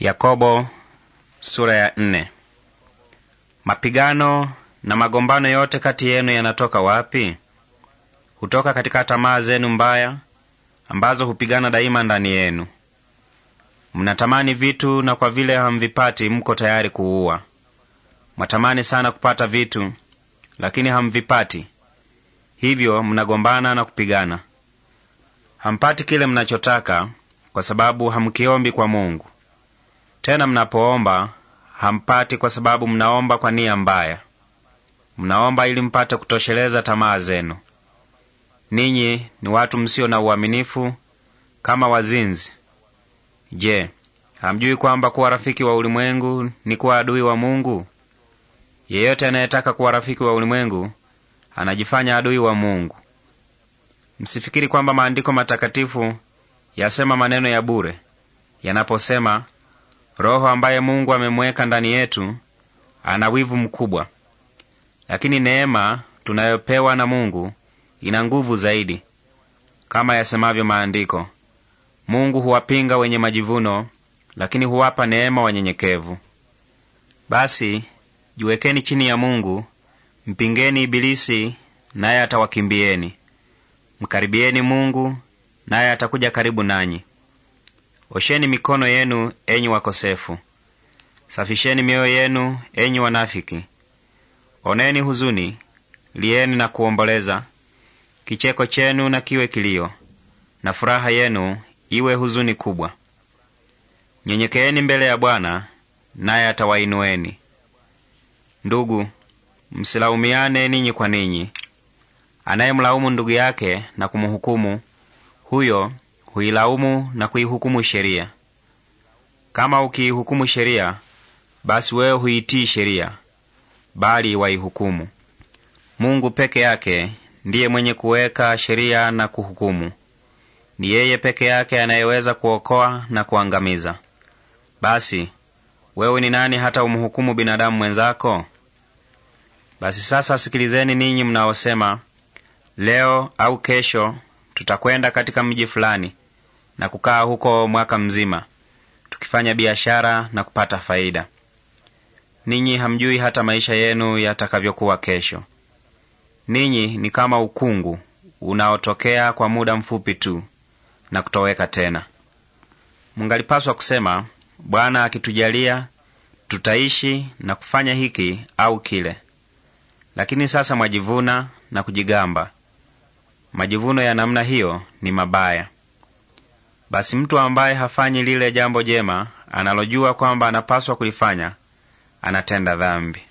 Yakobo sura ya nne. Mapigano na magombano yote kati yenu yanatoka wapi? Hutoka katika tamaa zenu mbaya ambazo hupigana daima ndani yenu. Mnatamani vitu na kwa vile hamvipati mko tayari kuua. Mwatamani sana kupata vitu lakini hamvipati, hivyo mnagombana na kupigana. Hampati kile mnachotaka kwa sababu hamkiombi kwa Mungu. Tena mnapoomba hampati kwa sababu mnaomba kwa nia mbaya. Mnaomba ili mpate kutosheleza tamaa zenu. Ninyi ni watu msio na uaminifu kama wazinzi. Je, hamjui kwamba kuwa rafiki wa ulimwengu ni kuwa adui wa Mungu? Yeyote anayetaka kuwa rafiki wa ulimwengu anajifanya adui wa Mungu. Msifikiri kwamba maandiko matakatifu yasema maneno ya bure yanaposema Roho ambaye Mungu amemweka ndani yetu ana wivu mkubwa, lakini neema tunayopewa na Mungu ina nguvu zaidi. Kama yasemavyo Maandiko, Mungu huwapinga wenye majivuno, lakini huwapa neema wanyenyekevu. Basi jiwekeni chini ya Mungu, mpingeni Ibilisi naye atawakimbieni. Mkaribieni Mungu naye atakuja karibu nanyi. Osheni mikono yenu, enyi wakosefu; safisheni mioyo yenu, enyi wanafiki. Oneni huzuni, lieni na kuomboleza; kicheko chenu na kiwe kilio, na furaha yenu iwe huzuni kubwa. Nyenyekeeni mbele ya Bwana, naye atawainueni. Ndugu, msilaumiane ninyi kwa ninyi. Anayemlaumu ndugu yake na kumhukumu, huyo huilaumu na kuihukumu sheria. Kama ukiihukumu sheria, basi wewe huitii sheria, bali waihukumu. Mungu peke yake ndiye mwenye kuweka sheria na kuhukumu. Ni yeye peke yake anayeweza kuokoa na kuangamiza. Basi wewe ni nani hata umhukumu binadamu mwenzako? Basi sasa sikilizeni ninyi mnaosema, leo au kesho tutakwenda katika mji fulani na kukaa huko mwaka mzima tukifanya biashara na kupata faida. Ninyi hamjui hata maisha yenu yatakavyokuwa kesho. Ninyi ni kama ukungu unaotokea kwa muda mfupi tu na kutoweka tena. Mungalipaswa kusema, Bwana akitujalia tutaishi na kufanya hiki au kile. Lakini sasa mwajivuna na kujigamba. Majivuno ya namna hiyo ni mabaya. Basi mtu ambaye hafanyi lile jambo jema analojua kwamba anapaswa kulifanya anatenda dhambi.